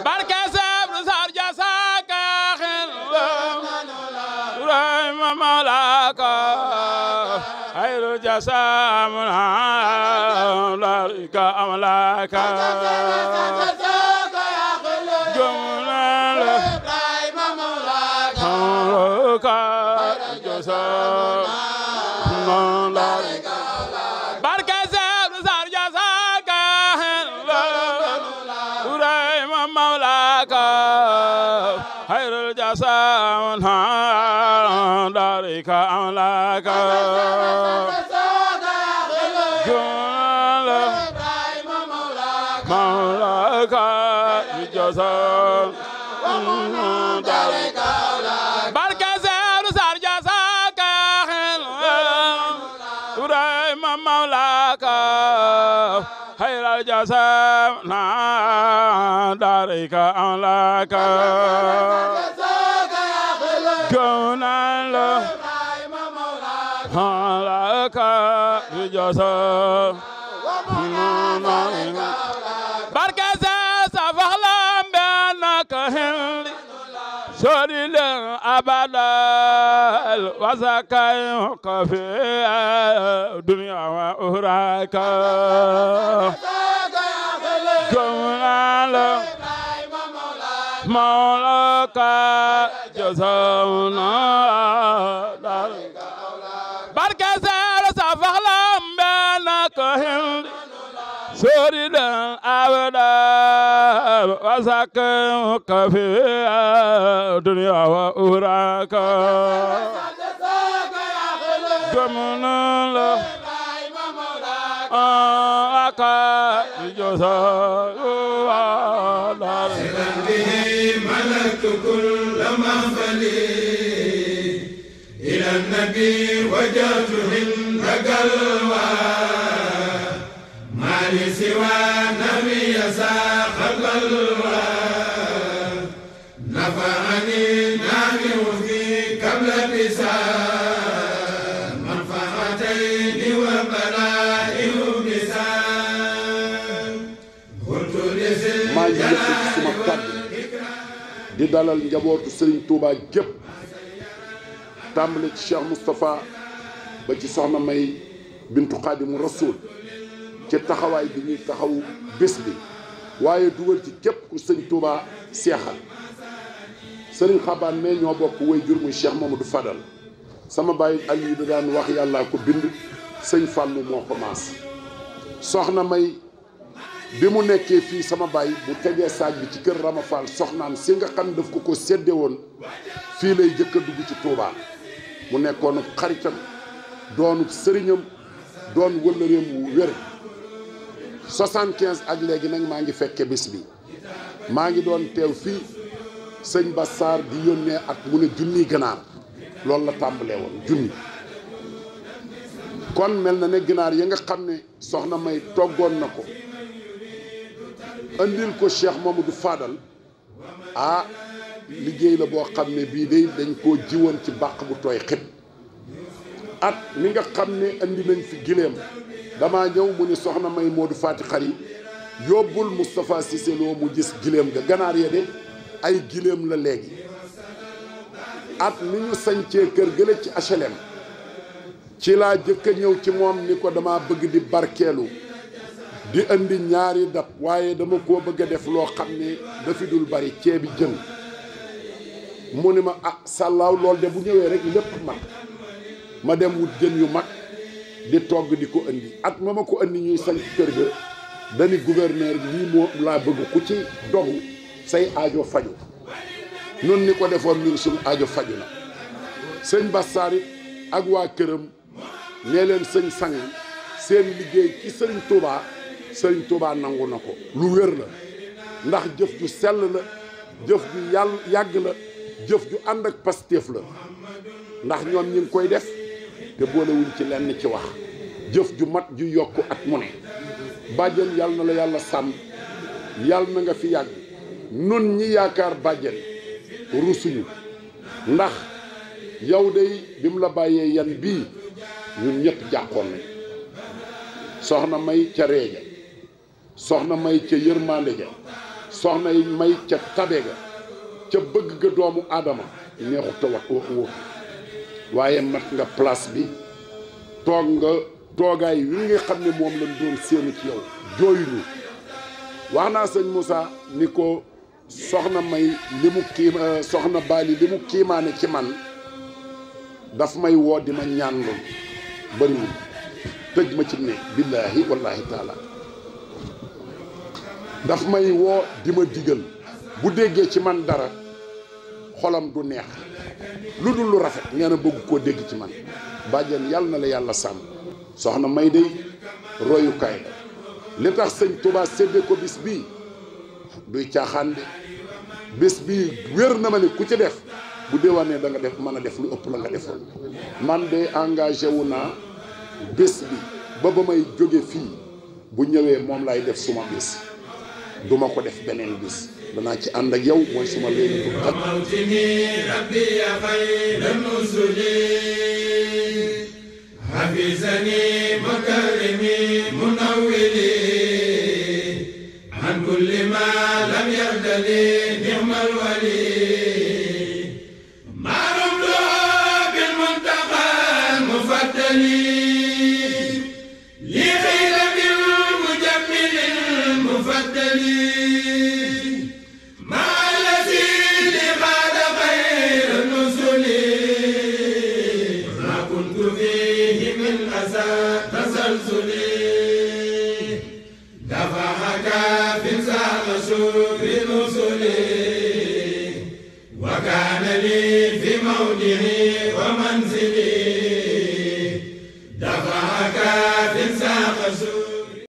barka sabru sar jasaka xelwa Ibrahima malaka hayru jasamuna larika amlaka jumna عليك أولاك مولاك الجزاء بارك زهر زهر جزاك إبراهيم مولاك خير الجزاء دارك أولاك كون الله لك الجزاء بارك سفهلا بأنك هل شريل أبدا وزكيك في الدنيا وأخراك كمال مولاك جزاؤنا الرحيم سرد أبدا وسكنك في الدنيا وأراك جمن له أكا جزاء به ملكت كل محفلي إلى النبي وجهت هند قلبي سوى نبي ساقط الورى نفعني نافع في قبل النساء منفعتين وبلائه نساء قلت لسجلال والإكرام di dalal njabootu Serigne Touba gépp tàmbali ci Cheikh Moustapha ba ci soxna May bintu Xaadimu Rasuul ci taxawaay bi ñuy taxawu bis bi waaye dugal ci képp ku sëñ Touba seexal sëriñ xabaan mais ñoo bokk way jur muy Cheikh du Fadal sama bàyyi Aliou da daan wax yàllaa ko bind sëñ Fallou moo ko maas soxna may bi mu nekkee fii sama bàyyi bu tegee saaj bi ci kër Rama Fall si nga xam daf ko ko sédde woon fii lay jëkk a dugg ci Touba mu nekkoon xaritam doonu sëriñam doon wëllëreem wu wér 75 ak léegi nag maa ngi fekkee bis bi maa ngi doon teew fi sëñ Bassar di yónnee ak mu ne junni ganaar loolu la tàmbalee woon junni kon mel na ne ganaar ya nga xam ne soxna May toggoon na ko andil ko moom Mamadou Fadal ah liggéey la boo xam ne bii day dañ koo jiwoon ci bàq bu tooy xib at mi nga xam ne indi nañ fi gileem dama ñëw mu ni soxna may Modou Fati Xari yóbbul Moustapha Cissé mu gis gileem ga ganaar ya de ay gileem la léegi at mi ñu sañcee kër gële ci HLM ci laa jëkk ñëw ci moom ni ko dama bëgg di barkeelu di andi ñaari dab waaye dama ko bëgg a def loo xam ne dafi dul bari ceebi jën mu ni ma ah sàllaaw lool de bu ñëwee rek lépp mat ma dem wut jën yu mag di togg di ko indi at ma ma ko indi ñuy sañ kër ga dañu gouverneur lii moo laa bëgg ku ci dogu say aajo faju nun ni ko defoon ñun suñu ajo faju na sëñ Bassar ak waa këram nee leen sëñ sang seen liggéey ci sëriñ Touba sëriñ Touba nangu na ko lu wér la ndax jëf ju sell la jëf ju yàll yàgg la jëf ju ànd ak pastéef la ndax ñoom ñi ngi koy def te boolewuñ ci lenn ci wax jëf ju mat ju yokk ak mu ne bàjjen yàlla na la yàlla sàmm yàlla na nga fi yàgg nun ñi yaakaar bàjjen rusuñu ndax yow day bi mu la bàyyee yan bii ñun ñëpp jàqoon nañ soxna may ca reeja soxna may ca yërmande ja soxna may ca tabe ga ca bëgg ga doomu aadama neexut a wax wax waaye mat nga place bi toog nga toogaay wi nga xam ne moom lañ doon séenu ci yow jooyuñu wax naa sëñ Moussa ni ko soxna may li mu soxna Bali li kiimaane ci man daf may woo di ma ñaan loolu bëriwul tëj ma ci ne billaahi wallaahi taala daf may woo di ma digal bu déggee ci man dara xolam du neex lu dul lu rafet nee na bëgg koo dégg ci man bàjjen yàlla na la yàlla sàmm soxna may day royukaay la li tax sëñ Touba séddee ko bis bii duy caaxaan de bis bii wér na ma ne ku ci def bu déwénee da nga def mën a def lu ëpp la nga defoon man de engagé wu naa bés bi ba ba may jóge fii bu ñëwee moom laay def suma bés du ma ko def beneen bis danaa ci ànd ak yow mooy suma léegi bu xaj حفظني مكارمي منولي عن كل ما لم يرد لي نعم الولي ما رمت بالمنتقى المفضل كان لي في موضعي ومن